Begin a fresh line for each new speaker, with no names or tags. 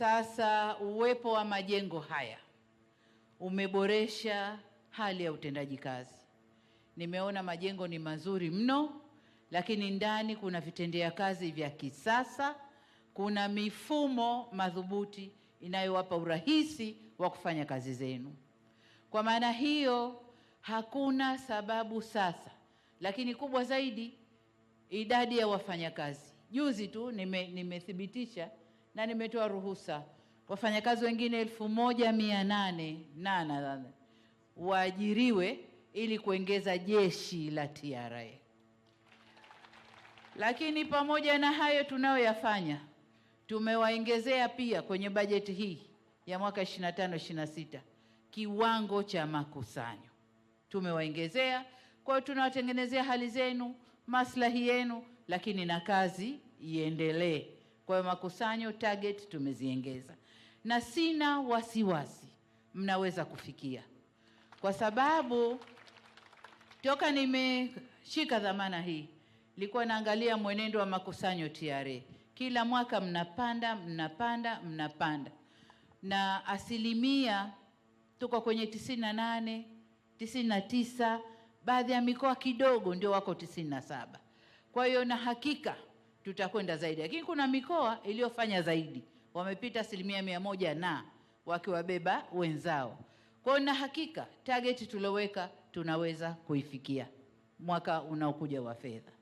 Sasa uwepo wa majengo haya umeboresha hali ya utendaji kazi. Nimeona majengo ni mazuri mno, lakini ndani kuna vitendea kazi vya kisasa, kuna mifumo madhubuti inayowapa urahisi wa kufanya kazi zenu. Kwa maana hiyo, hakuna sababu sasa, lakini kubwa zaidi, idadi ya wafanyakazi. Juzi tu nimethibitisha nime na nimetoa ruhusa wafanyakazi wengine elfu moja mia nane nana waajiriwe ili kuongeza jeshi la TRA. Lakini pamoja na hayo tunayoyafanya, tumewaongezea pia kwenye bajeti hii ya mwaka 25 26 kiwango cha makusanyo tumewaongezea. Kwa hiyo tunawatengenezea hali zenu, maslahi yenu, lakini na kazi iendelee. Kwa hiyo makusanyo target tumeziengeza, na sina wasiwasi wasi, mnaweza kufikia kwa sababu toka nimeshika dhamana hii nilikuwa naangalia mwenendo wa makusanyo TRA, kila mwaka mnapanda mnapanda mnapanda, na asilimia tuko kwenye 98 99, baadhi ya mikoa kidogo ndio wako 97. Kwa hiyo na hakika tutakwenda zaidi, lakini kuna mikoa iliyofanya zaidi, wamepita asilimia mia moja na wakiwabeba wenzao. Kwa hiyo na hakika tageti tulioweka tunaweza kuifikia mwaka unaokuja wa fedha.